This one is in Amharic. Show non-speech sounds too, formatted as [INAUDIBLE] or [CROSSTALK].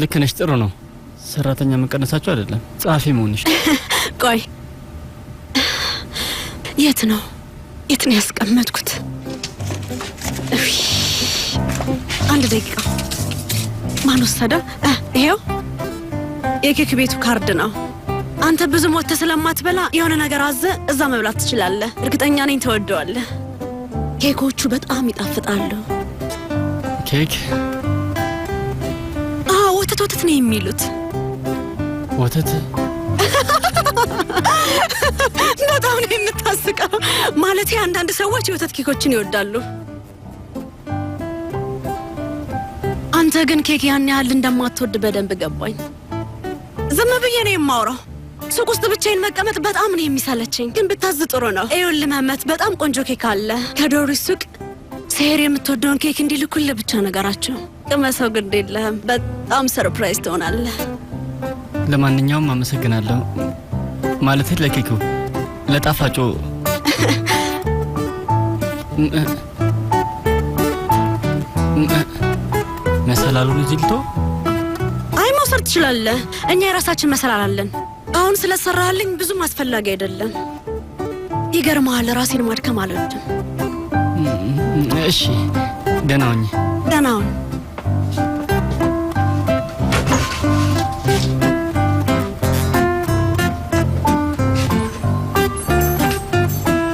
ልክ ነሽ። ጥሩ ነው። ሰራተኛ መቀነሳቸው አይደለም ጸሐፊ መሆንሽ። [LAUGHS] ቆይ የት ነው የት ነው ያስቀመጥኩት? አንድ ደቂቃ ማን ወሰደው? ይሄው የኬክ ቤቱ ካርድ ነው። አንተ ብዙ ሞተ ስለማትበላ የሆነ ነገር አዘ እዛ መብላት ትችላለህ። እርግጠኛ ነኝ ተወደዋለህ። ኬኮቹ በጣም ይጣፍጣሉ። ኬክ ወተት ነው የሚሉት። ወተት [LAUGHS] በጣም ነው የምታስቀው። ማለቴ አንዳንድ ሰዎች የወተት ኬኮችን ይወዳሉ። አንተ ግን ኬክ ያን ያህል እንደማትወድ በደንብ ገባኝ። ዝም ብዬ ነው የማውራው። ሱቅ ውስጥ ብቻዬን መቀመጥ በጣም ነው የሚሰለችኝ። ግን ብታዝ ጥሩ ነው። ይኸውልህ መመት፣ በጣም ቆንጆ ኬክ አለ ከዶሪ ሱቅ ሴሄር የምትወደውን ኬክ እንዲልኩል ብቻ ነገራቸው። ቅመሰው፣ ግድ የለህም። በጣም ሰርፕራይዝ ትሆናለህ። ለማንኛውም አመሰግናለሁ። ማለት ለኬኩ፣ ለጣፋጩ መሰላሉ እዚህ አይ መውሰድ ትችላለህ። እኛ የራሳችን መሰላል አለን። አሁን ስለሰራልኝ ብዙም አስፈላጊ አይደለም። ይገርመሃል፣ ራሴን ማድከም አልወድም። እሺ፣ ደህና ሁኝ። ደህና ሁኝ።